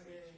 Amen.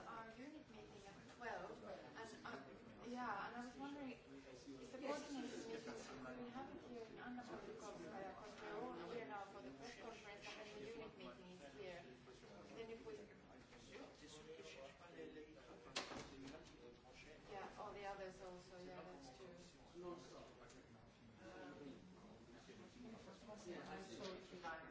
Non-stop. Yeah, I saw it tonight.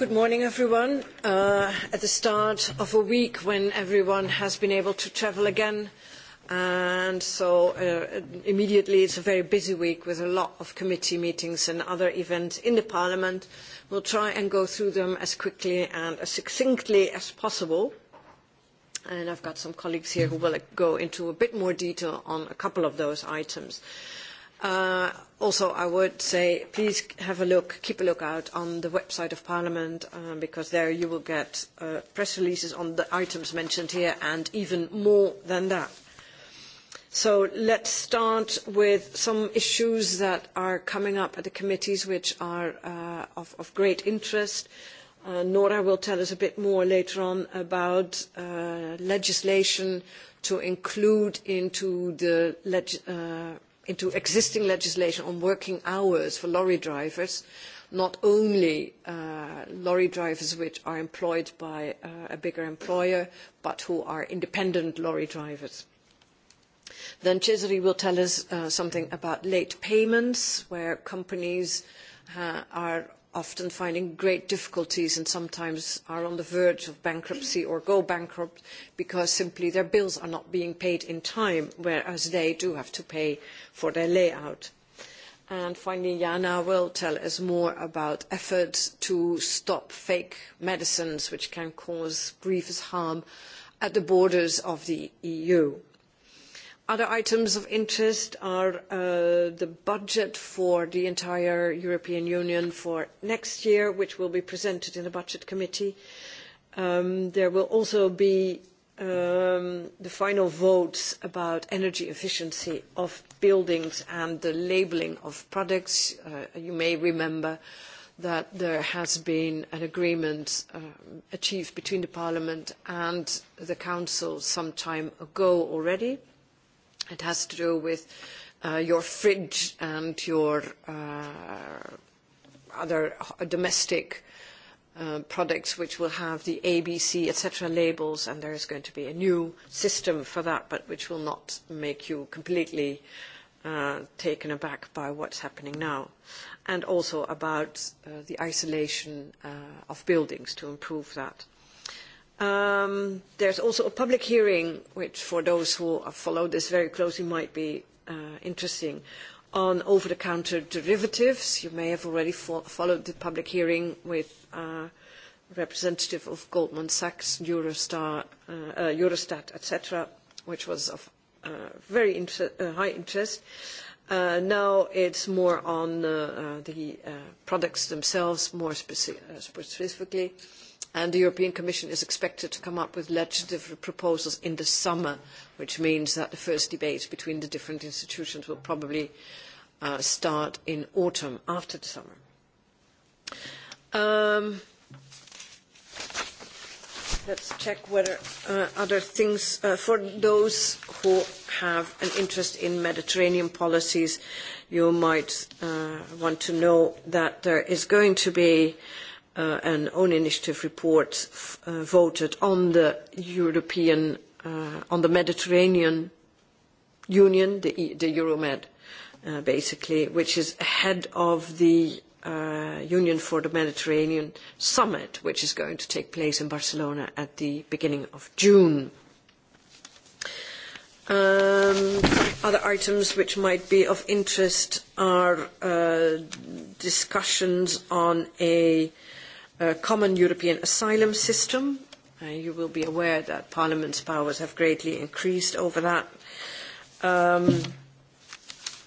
Good morning, everyone. Uh, at the start of a week when everyone has been able to travel again, and so uh, immediately it's a very busy week with a lot of committee meetings and other events in the Parliament. We'll try and go through them as quickly and as succinctly as possible. And I've got some colleagues here who will go into a bit more detail on a couple of those items also, I would say please have a look, keep a lookout on the website of Parliament because there you will get press releases on the items mentioned here and even more than that. So let's start with some issues that are coming up at the committees which are of, great interest. Nora will tell us a bit more later on about legislation to include into the into existing legislation on working hours for lorry drivers, not only lorry drivers which are employed by a bigger employer, but who are independent lorry drivers. Then Cesare will tell us something about late payments, where companies are often finding great difficulties and sometimes are on the verge of bankruptcy or go bankrupt because simply their bills are not being paid in time, whereas they do have to pay for their layout. And finally, Jana will tell us more about efforts to stop fake medicines which can cause grievous harm at the borders of the EU. Other items of interest are the budget for the entire European Union for next year, which will be presented in the Budget Committee. there will also be the final votes about energy efficiency of buildings and the labelling of products. you may remember that there has been an agreement achieved between Parliament and the Council some time ago already It has to do with uh, your fridge and your uh, other domestic uh, products which will have the ABC, etc. labels, and there is going to be a new system for that, but which will not make you completely uh, taken aback by what's happening now. And also about uh, the isolation uh, of buildings to improve that. Um, there's also a public hearing, which for those who have followed this very closely might be uh, interesting, on over-the-counter derivatives. You may have already fo followed the public hearing with uh, representative of Goldman Sachs, Eurostar, uh, uh, Eurostat, etc., which was of uh, very inter uh, high interest. Uh, now it's more on uh, uh, the uh, products themselves, more speci uh, specifically and the European Commission is expected to come up with legislative proposals in the summer, which means that the first debate between the different institutions will probably start in autumn, after the summer. let's check whether other things, for those who have an interest in Mediterranean policies, you might want to know that there is going to be uh, an own initiative report voted on the European, on the Mediterranean Union, the, the Euromed, basically, which is ahead of the Union for the Mediterranean Summit, which is going to take place in Barcelona at the beginning of June. other items which might be of interest are discussions on a common European asylum system. you will be aware that Parliament's powers have greatly increased over that.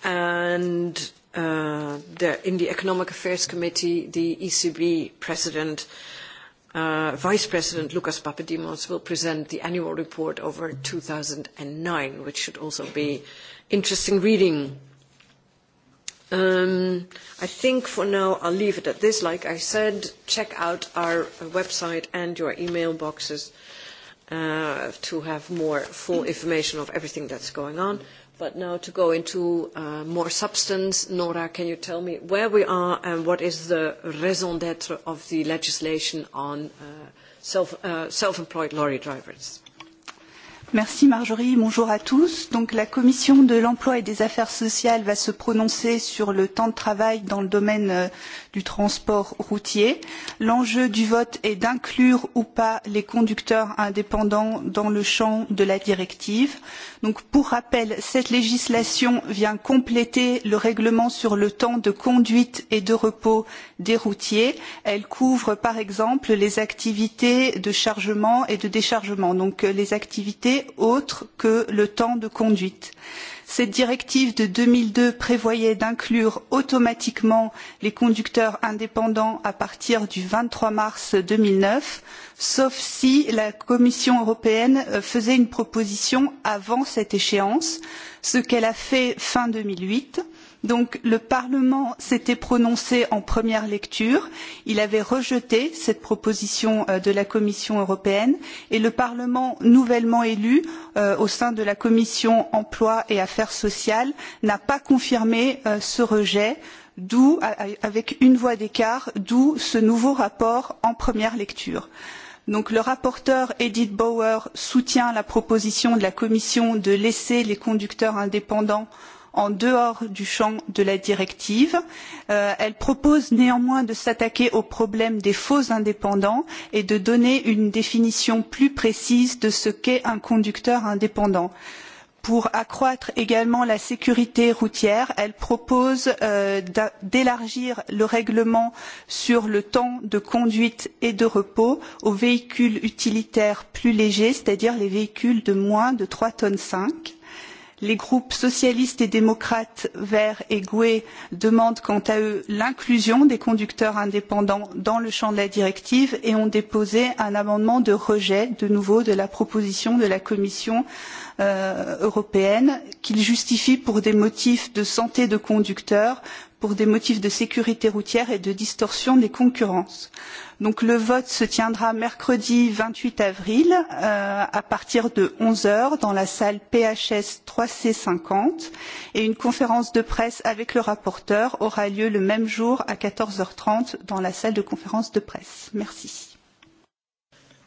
and in the Economic Affairs Committee, the ECB President, Vice President Lucas Papadimos will present the annual report over two thousand nine, which should also be interesting reading Um, I think for now I'll leave it at this. Like I said, check out our website and your email boxes uh, to have more full information of everything that's going on. But now to go into uh, more substance, Nora, can you tell me where we are and what is the raison d'etre of the legislation on uh, self, uh, self-employed lorry drivers? Merci Marjorie, bonjour à tous. Donc la commission de l'emploi et des affaires sociales va se prononcer sur le temps de travail dans le domaine du transport routier. L'enjeu du vote est d'inclure ou pas les conducteurs indépendants dans le champ de la directive. Donc pour rappel, cette législation vient compléter le règlement sur le temps de conduite et de repos des routiers. Elle couvre par exemple les activités de chargement et de déchargement, donc les activités autre que le temps de conduite. Cette directive de deux mille deux prévoyait d'inclure automatiquement les conducteurs indépendants à partir du vingt trois mars deux mille neuf, sauf si la Commission européenne faisait une proposition avant cette échéance, ce qu'elle a fait fin deux mille huit Donc le Parlement s'était prononcé en première lecture, il avait rejeté cette proposition de la Commission européenne et le Parlement nouvellement élu au sein de la Commission emploi et affaires sociales n'a pas confirmé ce rejet d'où avec une voix d'écart d'où ce nouveau rapport en première lecture. Donc le rapporteur Edith Bauer soutient la proposition de la Commission de laisser les conducteurs indépendants en dehors du champ de la directive. elle propose néanmoins de s'attaquer au problème des faux indépendants et de donner une définition plus précise de ce qu'est un conducteur indépendant. Pour accroître également la sécurité routière, elle propose d'élargir le règlement sur le temps de conduite et de repos aux véhicules utilitaires plus légers, c'est-à-dire les véhicules de moins de trois tonnes cinq les groupes socialistes et démocrates verts et gue demandent quant à eux l'inclusion des conducteurs indépendants dans le champ de la directive et ont déposé un amendement de rejet de nouveau de la proposition de la commission européenne qu'ils justifient par des motifs de santé des conducteurs pour des motifs de sécurité routière et de distorsion des concurrences. le vote se tiendra mercredi vingt huit avril à partir de onze heures dans la salle PHS trois c cinquante et une conférence de presse avec le rapporteur aura lieu le même jour à quatorze h trente dans la salle de conférence de presse. Merci.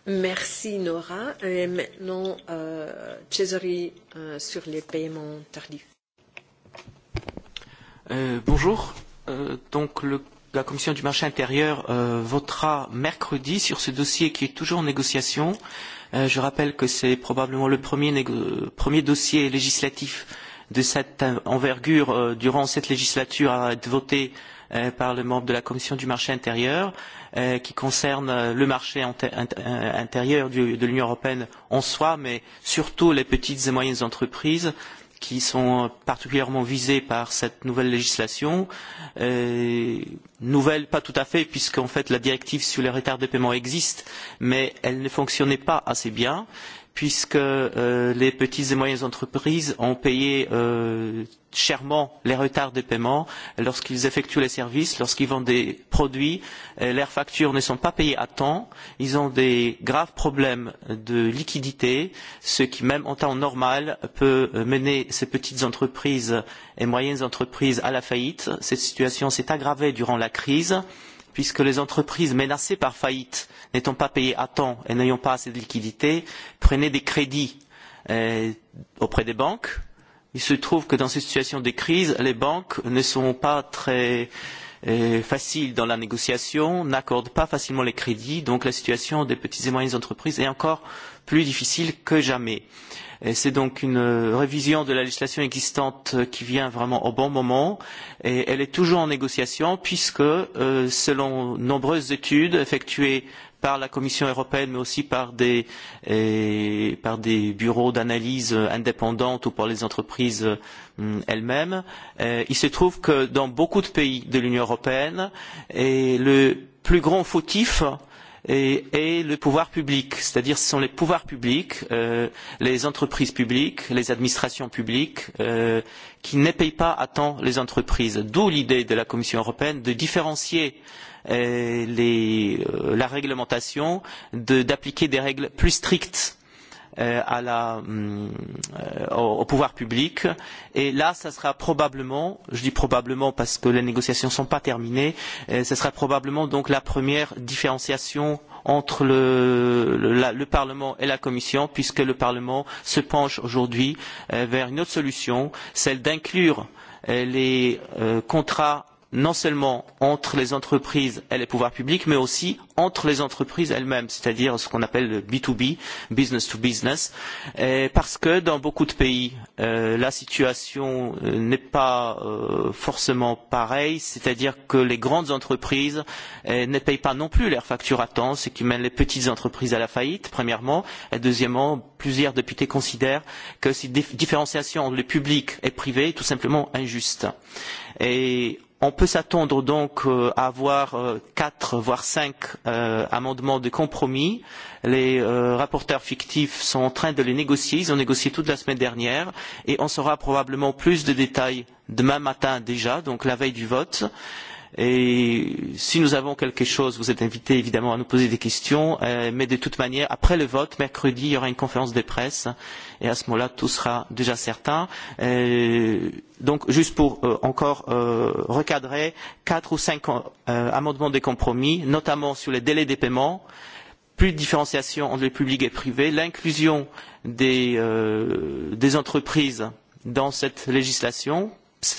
Merci Nora. Et maintenant, euh, sur les paiements tardifs bonjour. Euh, donc le, la Commission du marché intérieur euh, votera mercredi sur ce dossier qui est toujours en négociation. Euh, je rappelle que c'est probablement le premier, premier dossier législatif de cette envergure euh, durant cette législature à être voté euh, par le membre de la Commission du marché intérieur, euh, qui concerne le marché intérieur du, de l'Union européenne en soi, mais surtout les petites et moyennes entreprises qui sont particulièrement visés par cette nouvelle législation. Euh, nouvelle, pas tout à fait, puisqu'en fait la directive sur les retards de paiement existe, mais elle ne fonctionnait pas assez bien puisque les petites et moyennes entreprises ont payé chèrement les retards de paiement lorsqu'ils effectuent les services, lorsqu'ils vendent des produits, leurs factures ne sont pas payées à temps, ils ont des graves problèmes de liquidité, ce qui même en temps normal peut mener ces petites entreprises et moyennes entreprises à la faillite. Cette situation s'est aggravée durant la crise. Euh, puisque les entreprises menacées par faillite, n'étant pas payées à temps et n'ayant pas assez de liquidités, prenaient des crédits auprès des banques. Il se trouve que dans cette situation de crise, les banques ne sont pas très facile dans la négociation, n'accorde pas facilement les crédits, donc la situation des petites et moyennes entreprises est encore plus difficile que jamais. C'est donc une révision de la législation existante qui vient vraiment au bon moment et elle est toujours en négociation puisque, selon nombreuses études effectuées par la Commission européenne, mais aussi par des, bureaux d'analyse indépendants ou par les entreprises elles-mêmes. il se trouve que dans beaucoup de pays de l'Union européenne, le plus grand fautif est le pouvoir public, c'est-à-dire ce sont les pouvoirs publics, les entreprises publiques, les administrations publiques qui ne payent pas à temps les entreprises. D'où l'idée de la Commission européenne de différencier la réglementation d'appliquer des règles plus strictes au, pouvoir public. Et là, ce sera probablement, je dis probablement parce que les négociations ne sont pas terminées, ce sera probablement donc la première différenciation entre le, Parlement et la Commission, puisque le Parlement se penche aujourd'hui vers une autre solution, celle d'inclure les contrats non seulement entre les entreprises et les pouvoirs publics, mais aussi entre les entreprises elles-mêmes, c'est-à-dire ce qu'on appelle le B2B, business to business, parce que dans beaucoup de pays, la situation n'est pas forcément pareille, c'est-à-dire que les grandes entreprises ne payent pas non plus leurs factures à temps, ce qui mène les petites entreprises à la faillite, premièrement, et deuxièmement, plusieurs députés considèrent que cette différenciation entre le public et le privé est tout simplement injuste. Et On peut s'attendre donc à avoir quatre voire cinq amendements de compromis. Les rapporteurs fictifs sont en train de les négocier. Ils ont négocié toute la semaine dernière et on saura probablement plus de détails demain matin déjà, donc la veille du vote. Euh, Et si nous avons quelque chose, vous êtes invité évidemment à nous poser des questions. mais de toute manière, après le vote, mercredi, il y aura une conférence de presse. Et à ce moment-là, tout sera déjà certain. donc, juste pour encore recadrer, quatre ou cinq amendements de compromis, notamment sur les délais des paiements plus de différenciation entre le public et le privé, l'inclusion des, entreprises dans cette législation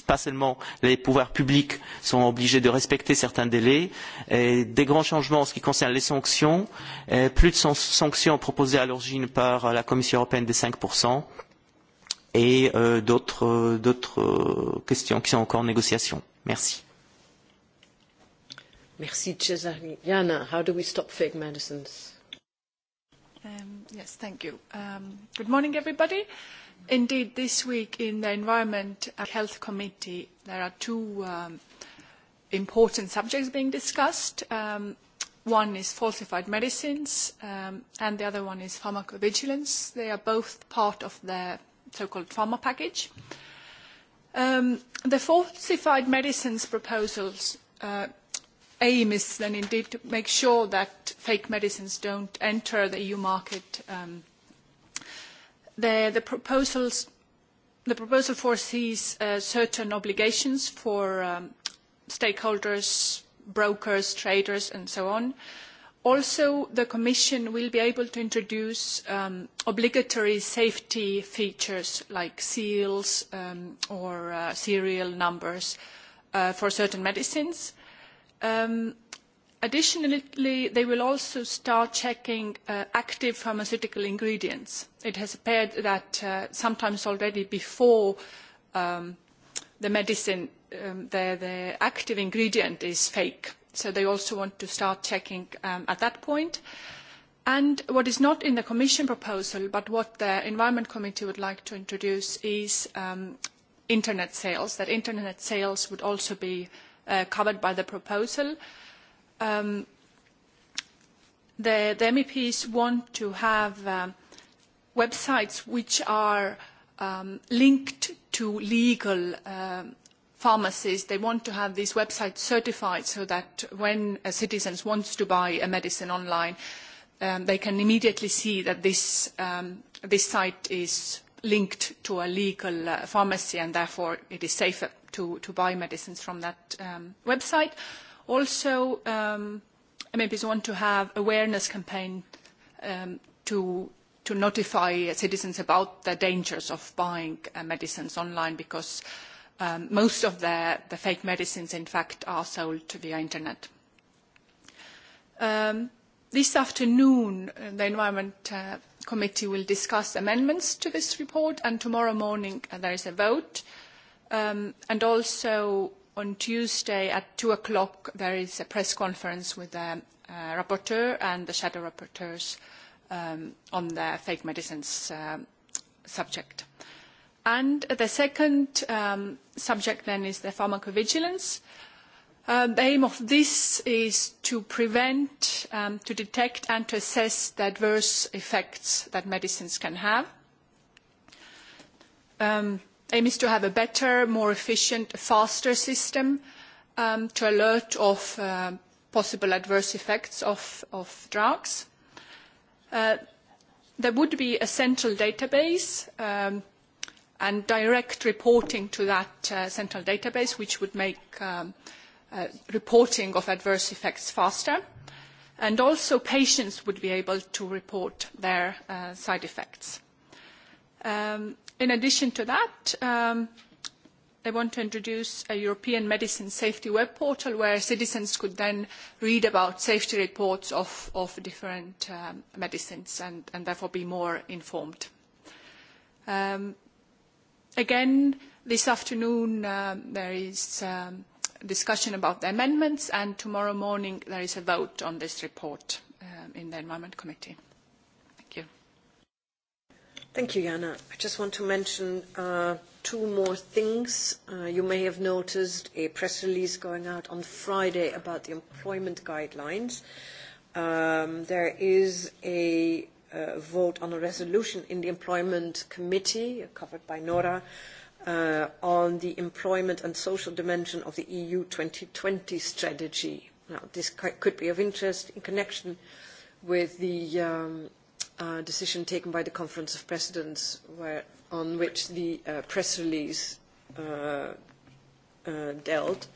pas seulement les pouvoirs publics sont obligés de respecter certains délais, des grands changements en ce qui concerne les sanctions, plus de sanctions proposées à l'origine par la Commission européenne des cinq et d'autres questions qui sont encore en négociation. Merci. Merci, Cesare. Jana, how do we stop fake medicines? yes, thank you. good morning, everybody. Indeed, this week in the Environment and Health Committee, there are two um, important subjects being discussed. Um, one is falsified medicines, um, and the other one is pharmacovigilance. They are both part of the so-called pharma package. Um, the falsified medicines proposals uh, aim is then indeed to make sure that fake medicines don't enter the EU market um, – The, the, proposals, the proposal foresees uh, certain obligations for um, stakeholders, brokers, traders, and so on. Also, the Commission will be able to introduce um, obligatory safety features like seals um, or uh, serial numbers uh, for certain medicines. Um, Additionally, they will also start checking active pharmaceutical ingredients. It has appeared that sometimes already before the medicine, the, active ingredient is fake. So they also want to start checking at that point. And what is not in the Commission proposal, but what the Environment Committee would like to introduce is internet sales, that internet sales would also be covered by the proposal. Uh, the, MEPs want to have websites which are linked to legal pharmacies. They want to have these websites certified so that when a citizen wants to buy a medicine online, they can immediately see that this, site is linked to a legal pharmacy and therefore it is safer to, buy medicines from that website. Also, um, MEPs want to have awareness campaign um, to to notify citizens about the dangers of buying medicines online because most of the, the fake medicines in fact are sold via internet. this afternoon the Environment Committee will discuss amendments to this report and tomorrow morning there is a vote and also on Tuesday at two o'clock there is a press conference with the rapporteur and the shadow rapporteurs on the fake medicines subject. And the second subject then is the pharmacovigilance. the aim of this is to prevent, to detect and to assess the adverse effects that medicines can have aim is to have a better, more efficient, faster system to alert of possible adverse effects of drugs. There would be a central database and direct reporting to that central database, which would make reporting of adverse effects faster. And also patients would be able to report their side effects in addition to that, they want to introduce a European medicine safety web portal where citizens could then read about safety reports of, of different medicines and, and therefore be more informed. again, this afternoon there is discussion about the amendments and tomorrow morning there is a vote on this report in the Environment Committee. Thank you. Thank you, Jana. I just want to mention uh, two more things. Uh, you may have noticed a press release going out on Friday about the employment guidelines. Um, there is a uh, vote on a resolution in the Employment Committee, covered by Nora, uh, on the employment and social dimension of the EU 2020 strategy. Now, this could be of interest in connection with the um, decision taken by the Conference of Presidents where, on which the press release dealt.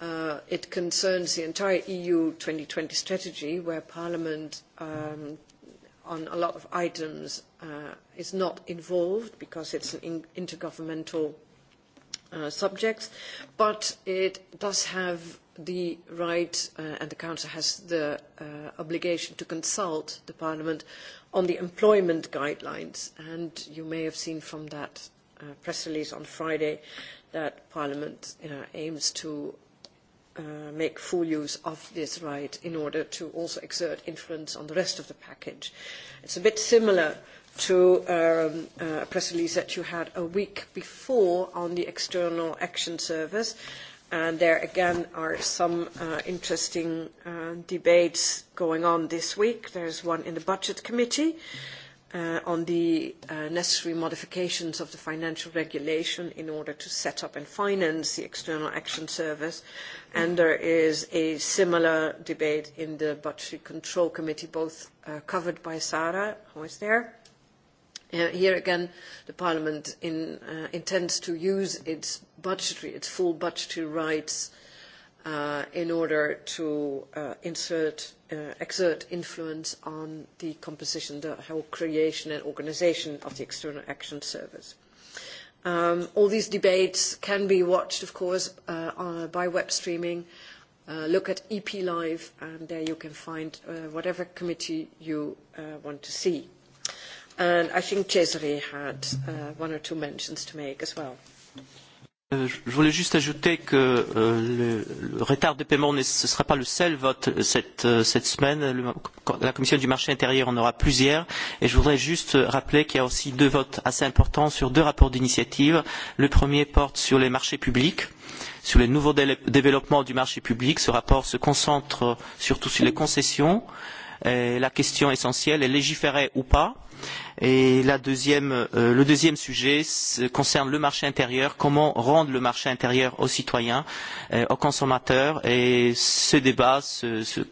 it concerns the entire EU twenty strategy where Parliament on a lot of items is not involved because it's an intergovernmental subject, but it does have the right and the Council has the obligation to consult Parliament on the employment guidelines. And you may have seen from that press release on Friday that Parliament aims to make full use of this right in order to also exert influence on the rest of the package. It's a bit similar to a press release that you had a week before on the External Action Service And there again are some interesting debates going on this week. There is one in the Budget Committee on the necessary modifications of the financial regulation in order to set up and finance the External Action Service. And there is a similar debate in the Budgetary Control Committee, both covered by Sara, who is there Here again, the Parliament intends to use its budgetary, its full budgetary rights in order to exert influence on the composition, the whole creation and organisation of the External Action Service. all these debates can be watched, of course, by web streaming. look at EP Live, and there you can find whatever committee you want to see. And I think Cesare had uh, one or two mentions to make as well. Je voulais juste ajouter que le, retard de paiement ne ce sera pas le seul vote cette, cette semaine. la commission du marché intérieur en aura plusieurs. Et je voudrais juste rappeler qu'il y a aussi deux votes assez importants sur deux rapports d'initiative. Le premier porte sur les marchés publics sur les nouveaux développements du marché public. Ce rapport se concentre surtout sur les concessions la question essentielle est légiférer ou pas. Et la deuxième, euh, le deuxième sujet concerne le marché intérieur, comment rendre le marché intérieur aux citoyens, euh, aux consommateurs. Et ce débat ce, ce,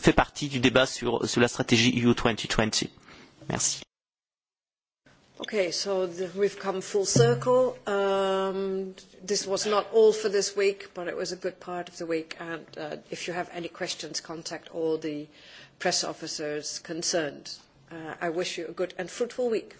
fait partie du débat sur, sur la stratégie EU 2020. Merci. Okay, so we've come full circle. Um, this was not all for this week, but it was a good part of the week. And uh, if you have any questions, contact all the uh, press officers concerned. I wish you a good and fruitful week.